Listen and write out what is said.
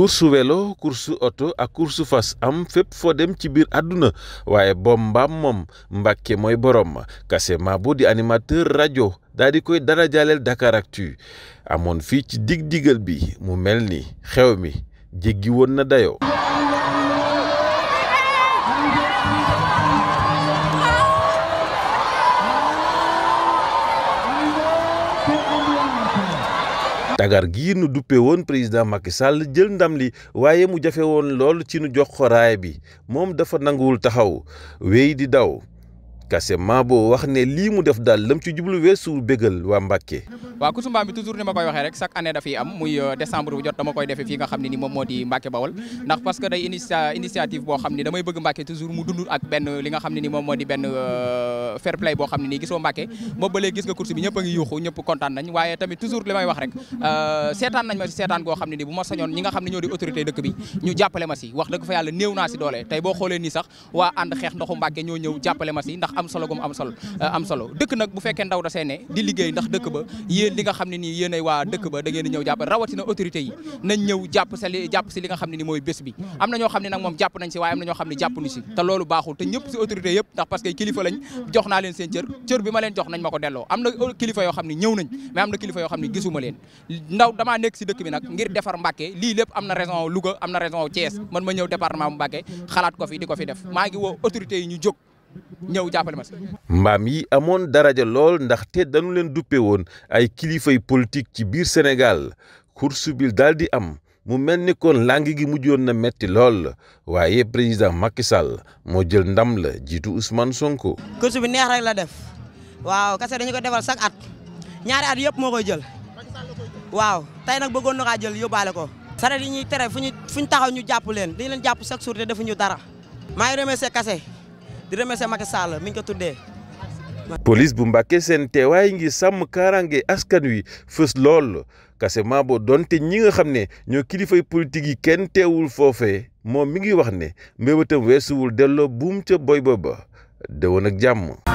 course vélo course oto ak course fas am fépp foo dem ci biir àdduna waaye boom mbaam moom Mbàkke mooy borom ma Mabo di animateur rajo daal di koy dara jaaleel Dakaractu amoon fii ci digg digal bi mu mel ni xew mi jéggi woon na dayoo. tagar gii nu duppe woon président Macky Sall jël ndam li waaye mu jafe woon lool ci nu jox bi moom dafa nanguwul taxaw wéy di daw Gassama boo wax ne lii mu def daal lam ci jublu weesu bégal waa Mbàkke waaw Kusumbaam bi toujours ni ma koy waxee rek chaque année dafiy am muy euh, décembre bu jot dama koy defee fii nga xam ne ni moom moo di Mbàkke Bawol ndax parce que day initiative boo xam ne damay bëgg Mbàkke toujours mu dund ak benn li nga xam ne ni moom moo di benn euh, fair play boo xam ne nii gisoo Mbàkke boobu ba gis nga course bi ñëpp ngi yuuxu ñëpp kontaan nañ waaye tamit toujours li may wax rek euh, am solo gum am euh, dëkk nag bu fekkee ndaw da see di liggéey ndax dëkk ba yéen li nga xam ne nii yéen ay waa dëkk ba da ngeen di si li nga xam ne ni mooy bés bi am na ñoo xam ne nag moom jàpp nañ si waaye am na ñoo xam ne jàppuñu si te loolu baaxul te ñëpp si autorité yëpp ndax parce que kilifa lañ jox naa leen seen cër cër bi ma leen jox nañ ma ko delloo am na kilifa yoo xam ne ñëw nañ mais am na kilifa yoo xam ne gisuma leen ndaw damaa nekk ñëw jàppale ma mbaam yi amoon daraja lool ndaxte dañu leen duppe woon ay kilifay politique ci biir Sénégal course bi daal di am mu mel ni kon làng gi mujjoon na metti lool waaye président Macky Sall moo jël ndam la jiitu Ousmane Sonko. course bi neex rek la def waaw kase dañu ko defal chaque at ñaari at yëpp moo koy jël waaw tey nag bëggoon na kaa jël yóbbaale ko. saret yi ñuy tere fu ñu ñu taxaw ñu jàpp leen dañu leen jàpp chaque jour te defuñu dara. maa ngi remercier kase. di remercier Macky Sall mi ñu ko tuddee. police bu Mbàkke seen teewaay ngi sàmm kaaraange askan wi fës lool kasema bo donte ñi nga xam ne ñoo kilifay politique yi kenn teewul foofee moom mi ngi wax ne mbéwatam weesuwul delloo buum ca boy ba ba dëwoon ak jàmm.